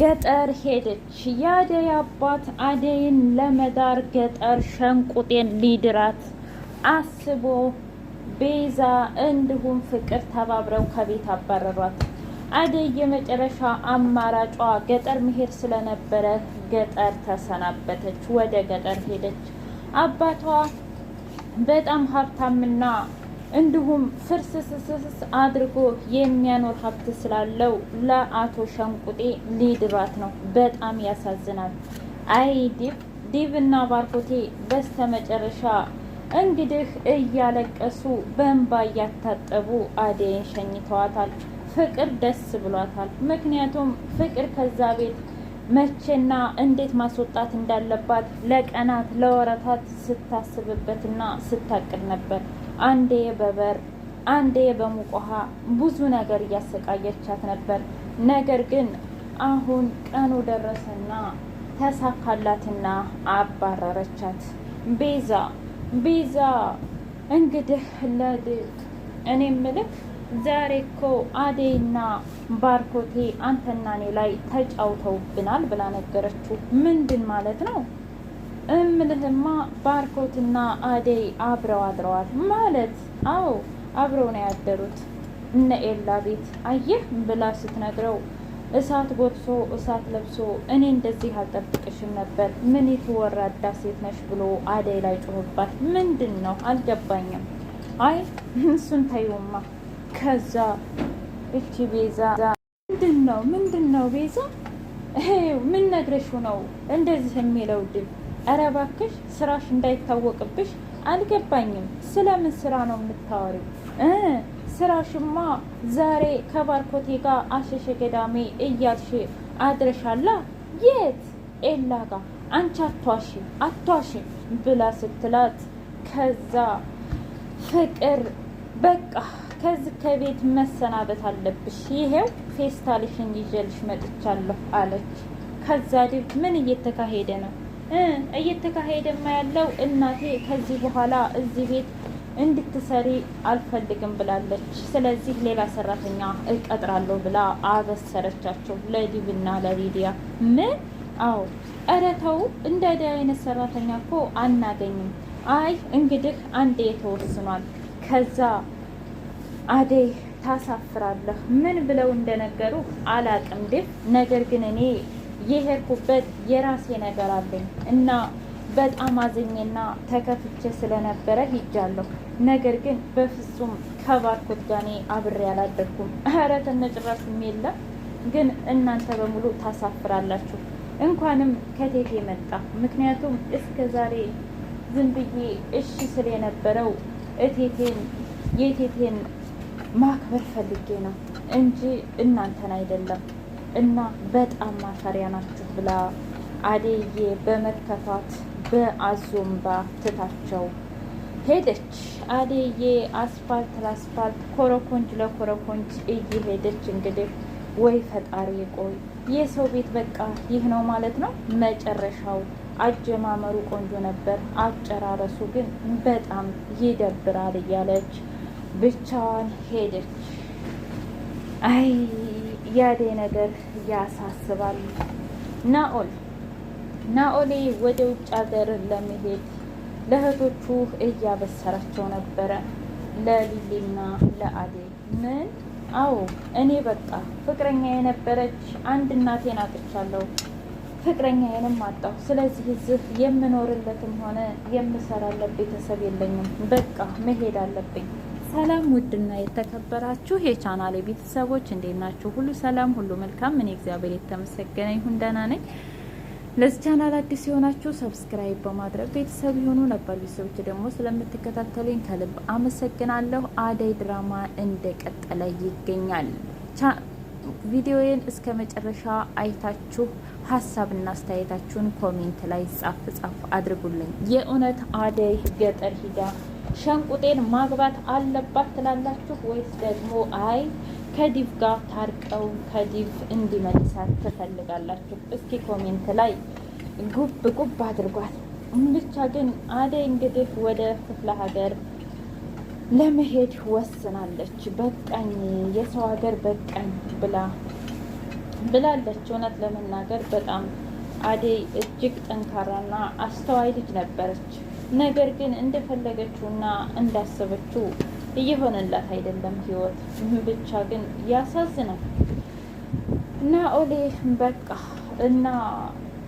ገጠር ሄደች። የአደይ አባት አደይን ለመዳር ገጠር ሸንቁጤን ሊድራት አስቦ ቤዛ እንዲሁም ፍቅር ተባብረው ከቤት አባረሯት። አደይ የመጨረሻ አማራጯ ገጠር መሄድ ስለነበረ ገጠር ተሰናበተች፣ ወደ ገጠር ሄደች። አባቷ በጣም ሀብታምና እንዲሁም ፍርስስስስ አድርጎ የሚያኖር ሀብት ስላለው ለአቶ ሸንቁጤ ሊድራት ነው። በጣም ያሳዝናል። አይ ዲብ ዲብ እና ባርኮቴ በስተመጨረሻ እንግዲህ እያለቀሱ በእንባ እያታጠቡ አደይን ሸኝተዋታል። ፍቅር ደስ ብሏታል። ምክንያቱም ፍቅር ከዛ ቤት መቼና እንዴት ማስወጣት እንዳለባት ለቀናት ለወረታት ስታስብበትና ስታቅድ ነበር። አንዴ በበር አንዴ በሙቅ ውሃ ብዙ ነገር እያሰቃየቻት ነበር። ነገር ግን አሁን ቀኑ ደረሰና ተሳካላትና አባረረቻት። ቤዛ ቤዛ እንግዲህ ለድቅ እኔ ምልክ ዛሬ እኮ አዴና ባርኮቴ አንተና እኔ ላይ ተጫውተውብናል ብላ ነገረችው። ምንድን ማለት ነው? እምልህማ ባርኮትና አደይ አብረው አድረዋል ማለት አዎ አብረው ነው ያደሩት እነ ኤላ ቤት አየህ ብላ ስትነግረው እሳት ጎርሶ እሳት ለብሶ እኔ እንደዚህ አልጠብቅሽም ነበር ምን የተወራዳ ሴት ነሽ ብሎ አደይ ላይ ጮህባት ምንድን ነው አልገባኝም አይ እሱን ታዩማ ከዛ እቺ ቤዛ ምንድን ነው ምንድን ነው ቤዛ ምን ነግረሽው ነው እንደዚህ የሚለው ድል ኧረ እባክሽ ስራሽ እንዳይታወቅብሽ። አልገባኝም። ስለምን ስራ ነው የምታወሪው? ስራሽማ ዛሬ ከባርኮቴ ጋር አሸሸ ገዳሜ እያልሽ አድረሻላ። የት ኤላ ጋ? አንቺ አቷሽ አቷሽ ብላ ስትላት፣ ከዛ ፍቅር በቃ ከዚህ ከቤት መሰናበት አለብሽ፣ ይሄው ፌስታልሽን ይዤልሽ መጥቻለሁ አለች። ከዛ ድብ ምን እየተካሄደ ነው እየተካሄደማ ያለው እናቴ ከዚህ በኋላ እዚህ ቤት እንድትሰሪ አልፈልግም ብላለች። ስለዚህ ሌላ ሰራተኛ እቀጥራለሁ ብላ አበሰረቻቸው ለዲብና ለሊዲያ። ምን? አዎ፣ ኧረ ተው እንደ ዲ አይነት ሰራተኛ እኮ አናገኝም። አይ እንግዲህ አንዴ ተወስኗል። ከዛ አደይ ታሳፍራለህ ምን ብለው እንደነገሩ አላቅም ድፍ ነገር ግን እኔ የሄድኩበት የራሴ ነገር አለኝ እና በጣም አዝኜና ተከፍቼ ስለነበረ ሂጃለሁ። ነገር ግን በፍጹም ከባርኮት ጋኔ አብሬ አላደርኩም። ኧረ ተነጭራሽ የለም። ግን እናንተ በሙሉ ታሳፍራላችሁ። እንኳንም ከቴቴ መጣ። ምክንያቱም እስከ ዛሬ ዝም ብዬ እሺ ስል የነበረው እቴቴን የቴቴን ማክበር ፈልጌ ነው እንጂ እናንተን አይደለም። እና በጣም ማፈሪያ ናችሁ ብላ አደዬ በመከፋት በአዞምባ ትታቸው ሄደች። አደዬ አስፋልት ለአስፋልት ኮረኮንጅ ለኮረኮንጅ እየሄደች እንግዲህ ወይ ፈጣሪ ቆይ የሰው ቤት በቃ ይህ ነው ማለት ነው። መጨረሻው አጀማመሩ ቆንጆ ነበር፣ አጨራረሱ ግን በጣም ይደብራል እያለች ብቻዋን ሄደች። አይ ያዴ ነገር ያሳስባል። ናኦል ናኦሌ ወደ ውጭ ሀገር ለመሄድ ለእህቶቹ እያበሰራቸው ነበረ፣ ለሊሊና ለአዴ ምን? አዎ እኔ በቃ ፍቅረኛ የነበረች አንድ እናቴን አጥቻለሁ፣ ፍቅረኛዬንም አጣሁ። ስለዚህ እዚህ የምኖርለትም ሆነ የምሰራለት ቤተሰብ የለኝም። በቃ መሄድ አለብኝ ሰላም ውድና የተከበራችሁ የቻናሌ ቤተሰቦች እንዴት ናችሁ? ሁሉ ሰላም፣ ሁሉ መልካም። እኔ እግዚአብሔር የተመሰገነ ይሁን ደህና ነኝ። ለዚህ ቻናል አዲስ የሆናችሁ ሰብስክራይብ በማድረግ ቤተሰብ የሆኑ ነበር ቤተሰቦች ደግሞ ስለምትከታተሉኝ ከልብ አመሰግናለሁ። አደይ ድራማ እንደቀጠለ ይገኛል። ቪዲዮዬን እስከ መጨረሻ አይታችሁ ሀሳብና አስተያየታችሁን ኮሜንት ላይ ጻፍ ጻፍ አድርጉልኝ። የእውነት አደይ ገጠር ሂዳ ሸንቁጤን ማግባት አለባት ትላላችሁ ወይስ ደግሞ አይ ከዲቭ ጋር ታርቀው ከዲቭ እንዲመልሳት ትፈልጋላችሁ? እስኪ ኮሜንት ላይ ጉብ ጉብ አድርጓል። ብቻ ግን አደይ እንግዲህ ወደ ክፍለ ሀገር ለመሄድ ወስናለች። በቃኝ የሰው ሀገር በቃኝ ብላ ብላለች። እውነት ለመናገር በጣም አደይ እጅግ ጠንካራና አስተዋይ ልጅ ነበረች። ነገር ግን እንደፈለገችውና እንዳሰበችው እየሆነላት አይደለም ህይወት። ብቻ ግን ያሳዝናል። ኦሌ በቃ እና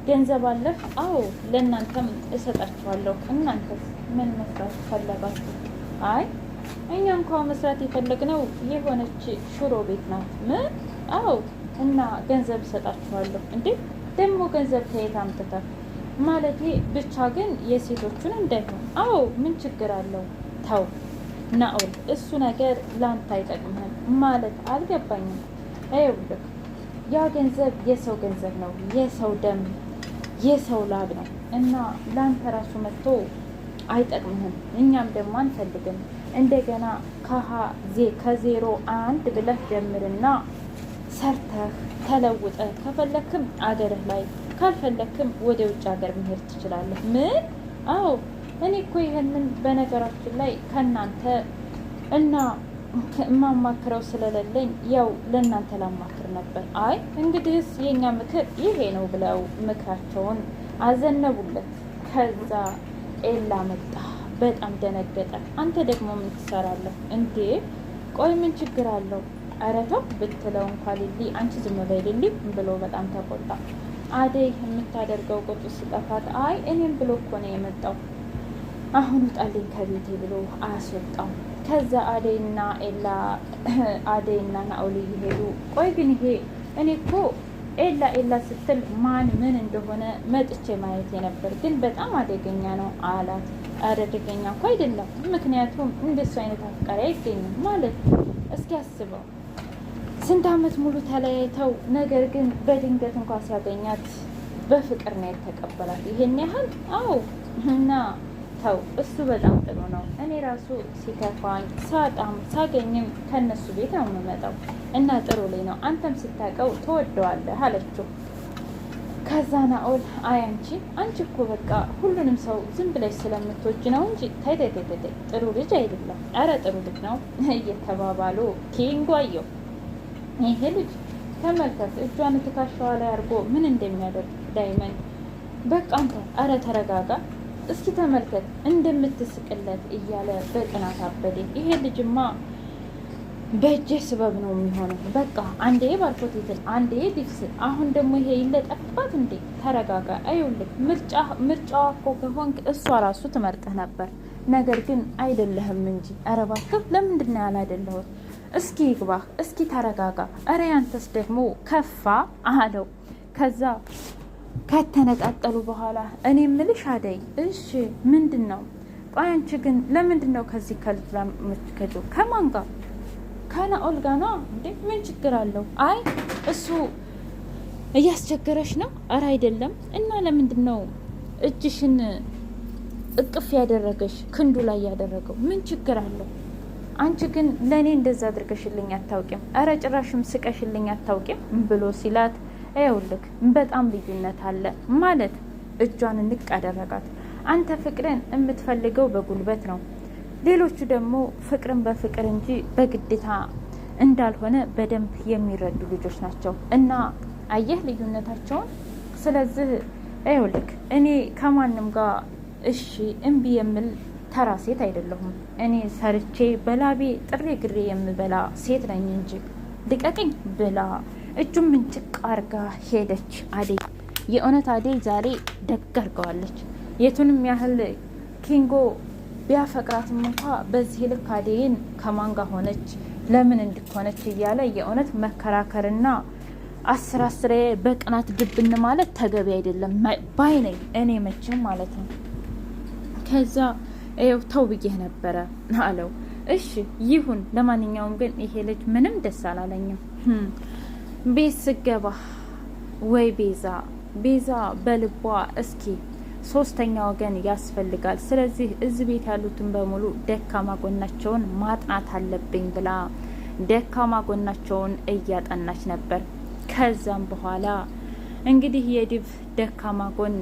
ገንዘብ አለህ? አዎ፣ ለእናንተም እሰጣችኋለሁ። እናንተስ ምን መስራት ፈለጋችሁ? አይ እኛ እንኳ መስራት የፈለግነው የሆነች ሽሮ ቤት ናት። ምን? አዎ። እና ገንዘብ እሰጣችኋለሁ። እንዴ ደግሞ ገንዘብ ከየት አምጥተህ ማለቴ ብቻ ግን የሴቶቹን እንዳይሆን። አዎ ምን ችግር አለው? ተው ናኦል፣ እሱ ነገር ላንተ አይጠቅምህም። ማለት አልገባኝም። ይኸውልህ ያ ገንዘብ የሰው ገንዘብ ነው፣ የሰው ደም፣ የሰው ላብ ነው እና ላንተ ራሱ መጥቶ አይጠቅምህም። እኛም ደግሞ አንፈልግም። እንደገና ከዜሮ አንድ ብለህ ጀምርና ሰርተህ ተለውጠህ ከፈለክም አገርህ ላይ ካልፈለክም ወደ ውጭ ሀገር መሄድ ትችላለህ። ምን? አዎ እኔ እኮ ይህንን በነገራችን ላይ ከእናንተ እና የማማክረው ስለሌለኝ ያው ለእናንተ ላማክር ነበር። አይ እንግዲህስ የእኛ ምክር ይሄ ነው ብለው ምክራቸውን አዘነቡለት። ከዛ ኤላ መጣ። በጣም ደነገጠ። አንተ ደግሞ ምን ትሰራለህ እንዴ? ቆይ ምን ችግር አለው? ኧረ ተው ብትለው እንኳ ሊሊ አንቺ ዝም በይ ሊሊ ብሎ በጣም ተቆጣ። አደይ የምታደርገው ቁጡ ስጠፋት፣ አይ እኔም ብሎ እኮ ነው የመጣው አሁን ውጣልኝ ከቤቴ ብሎ አስወጣው። ከዛ አደይና ኤላ አደይና ናኦል እየሄዱ ቆይ ግን ይሄ እኔ እኮ ኤላ ኤላ ስትል ማን ምን እንደሆነ መጥቼ ማየት የነበር ግን በጣም አደገኛ ነው አላት። ኧረ አደገኛ እኮ አይደለም፣ ምክንያቱም እንደሱ አይነት አፍቃሪ አይገኝም ማለት እስኪ አስበው ስንት ዓመት ሙሉ ተለያይተው ነገር ግን በድንገት እንኳ ሲያገኛት በፍቅር ነው የተቀበላት። ይሄን ያህል አዎ። እና ተው እሱ በጣም ጥሩ ነው። እኔ ራሱ ሲከፋኝ ሳጣም ሳገኝም ከነሱ ቤት ነው የምመጣው እና ጥሩ ላይ ነው። አንተም ስታውቀው ትወደዋለህ አለችው። ከዛ ናኦል አይ አንቺ አንቺ እኮ በቃ ሁሉንም ሰው ዝም ብለሽ ስለምትወጅ ነው እንጂ ተይ ተይ ተይ፣ ጥሩ ልጅ አይደለም። ኧረ ጥሩ ልጅ ነው እየተባባሉ ኪንጓየው ይሄ ልጅ ተመልከት፣ እጇን ትከሻዋ ላይ አድርጎ ምን እንደሚያደርግ ዳይመንድ። በቃ አንተ አረ ተረጋጋ እስኪ ተመልከት እንደምትስቅለት እያለ በቅናት አበደ። ይሄ ልጅማ በእጄ ስበብ ነው የሚሆነው። በቃ አንዴ ባርኮት አንዴ ሊፍስ፣ አሁን ደግሞ ይሄ ይለጠፋት እንዴ! ተረጋጋ። አይውልህ ምርጫዋ እኮ ከሆንክ እሷ ራሱ ትመርጥህ ነበር፣ ነገር ግን አይደለህም እንጂ። ኧረ እባክህ ለምንድን ነው ያላደለሁት? እስኪ ይግባህ፣ እስኪ ተረጋጋ፣ እረ ያንተስ ደግሞ ከፋ አለው። ከዛ ከተነጣጠሉ በኋላ እኔ ምልሽ አደይ፣ እሺ ምንድን ነው ቆይ፣ አንቺ ግን ለምንድን ነው ከዚህ ከልጅ የምትከጂው? ከማን ጋር? ከናኦል ጋር ነዋ። እንዴ ምን ችግር አለው? አይ እሱ እያስቸገረሽ ነው? አረ አይደለም። እና ለምንድን ነው እጅሽን እቅፍ ያደረገሽ ክንዱ ላይ ያደረገው? ምን ችግር አለው? አንቺ ግን ለእኔ እንደዛ አድርገሽልኝ አታውቂም፣ እረ ጭራሽም ስቀሽልኝ አታውቂም ብሎ ሲላት፣ ይኸውልህ በጣም ልዩነት አለ ማለት እጇን ንቅ አደረጋት። አንተ ፍቅርን የምትፈልገው በጉልበት ነው፣ ሌሎቹ ደግሞ ፍቅርን በፍቅር እንጂ በግዴታ እንዳልሆነ በደንብ የሚረዱ ልጆች ናቸው። እና አየህ ልዩነታቸውን። ስለዚህ ይኸውልህ እኔ ከማንም ጋር እሺ እምቢ የምል ተራ ሴት አይደለሁም። እኔ ሰርቼ በላቤ ጥሬ ግሬ የምበላ ሴት ነኝ እንጂ ልቀቅኝ ብላ እጁን ምንጭቅ አርጋ ሄደች። አደይ የእውነት አደይ ዛሬ ደግ አርገዋለች። የቱንም ያህል ኪንጎ ቢያፈቅራትም እንኳ በዚህ ልክ አደይን ከማንጋ ሆነች ለምን እንድትሆነች እያለ የእውነት መከራከርና አስር አስሬ በቅናት ድብን ማለት ተገቢ አይደለም ባይ ነኝ እኔ መቼም ማለት ነው ከዛ ይኸው ተው ብዬህ ነበረ አለው። እሺ ይሁን፣ ለማንኛውም ግን ይሄ ልጅ ምንም ደስ አላለኝም። ቤት ስገባ ወይ ቤዛ ቤዛ በልቧ እስኪ ሶስተኛ ወገን ያስፈልጋል። ስለዚህ እዚህ ቤት ያሉትን በሙሉ ደካማ ጎናቸውን ማጥናት አለብኝ ብላ ደካማ ጎናቸውን እያጠናች ነበር። ከዛም በኋላ እንግዲህ የዲፍ ደካማ ጎን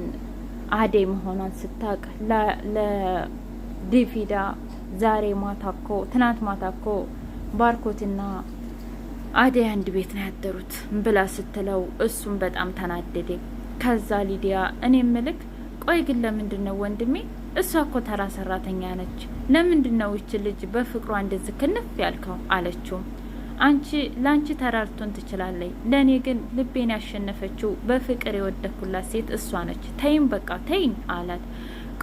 አደይ መሆኗን ስታውቅ ዲቪዳ ዛሬ ማታኮ ትናንት ማታኮ ባርኮትና አደይ አንድ ቤት ነው ያደሩት ብላ ስትለው እሱም በጣም ተናደደ። ከዛ ሊዲያ እኔ ምልክ ቆይ ግን ለምንድን ነው ወንድሜ እሷ እኮ ተራ ሰራተኛ ነች። ለምንድን ነው ይች ልጅ በፍቅሯ እንደዚህ ክንፍ ያልከው? አለችው። አንቺ ለአንቺ ተራርቶን ትችላለች፣ ለእኔ ግን ልቤን ያሸነፈችው በፍቅር የወደኩላት ሴት እሷ ነች። ተይም በቃ ተይኝ አላት።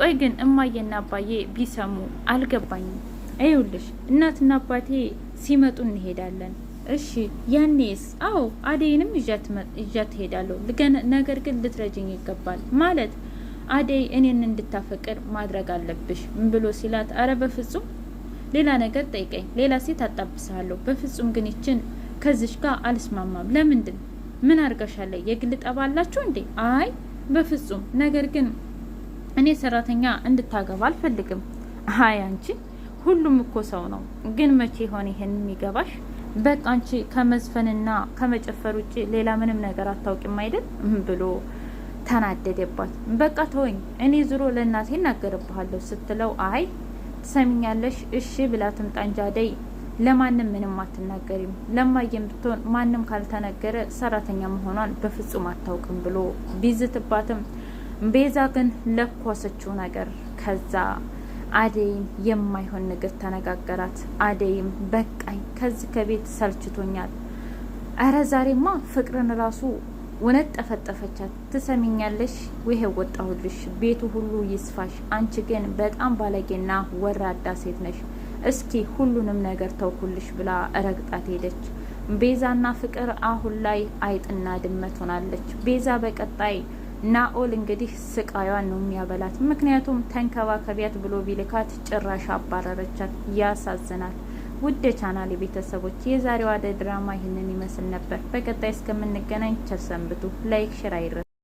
ቆይ ግን እማዬና አባዬ ቢሰሙ አልገባኝም። ይኸውልሽ እናትና አባቴ ሲመጡ እንሄዳለን። እሺ ያኔስ? አዎ አደይንም ይዣት እሄዳለሁ። ነገር ግን ልትረጅኝ ይገባል ማለት አደይ እኔን እንድታፈቅር ማድረግ አለብሽ ብሎ ሲላት፣ አረ በፍጹም ሌላ ነገር ጠይቀኝ፣ ሌላ ሴት አጣብሳለሁ በፍጹም ግን ይችን ከዚሽ ጋር አልስማማም። ለምንድን ምን አርገሻለ? የግል ጠባ እንዴ? አይ በፍጹም ነገር ግን እኔ ሰራተኛ እንድታገባ አልፈልግም። አይ አንቺ፣ ሁሉም እኮ ሰው ነው። ግን መቼ ሆነ ይሄን የሚገባሽ? በቃ አንቺ ከመዝፈንና ከመጨፈር ውጭ ሌላ ምንም ነገር አታውቂም አይደል? ብሎ ተናደደባት። በቃ ተወኝ፣ እኔ ዙሮ ለእናቴ እናገርብሃለሁ ስትለው አይ ትሰሚኛለሽ፣ እሺ ብላ ትምጣ እንጂ አደይ ለማንም ምንም አትናገሪም። ለማየም ብትሆን ማንም ካልተነገረ ሰራተኛ መሆኗን በፍጹም አታውቅም ብሎ ቢዝትባትም ቤዛ ግን ለኮሰችው ነገር ከዛ አደይም የማይሆን ነገር ተነጋገራት። አደይም በቃኝ ከዚህ ከቤት ሰልችቶኛል። እረ ዛሬማ ፍቅርን ራሱ እውነት ጠፈጠፈቻት። ትሰሚኛለሽ? ይሄ ወጣሁልሽ፣ ቤቱ ሁሉ ይስፋሽ። አንቺ ግን በጣም ባለጌና ወራዳ ሴት ነሽ። እስኪ ሁሉንም ነገር ተውኩልሽ ብላ ረግጣት ሄደች። ቤዛና ፍቅር አሁን ላይ አይጥና ድመት ሆናለች። ቤዛ በቀጣይ ናኦል እንግዲህ ስቃዩን ነው የሚያበላት። ምክንያቱም ተንከባከቢያት ብሎ ቢልካት ጭራሽ አባረረቻት። ያሳዝናል። ውድ የቻናል ቤተሰቦች የዛሬው አደይ ድራማ ይህንን ይመስል ነበር። በቀጣይ እስከምንገናኝ ቸር ሰንብቱ። ላይክ ሽር አይረ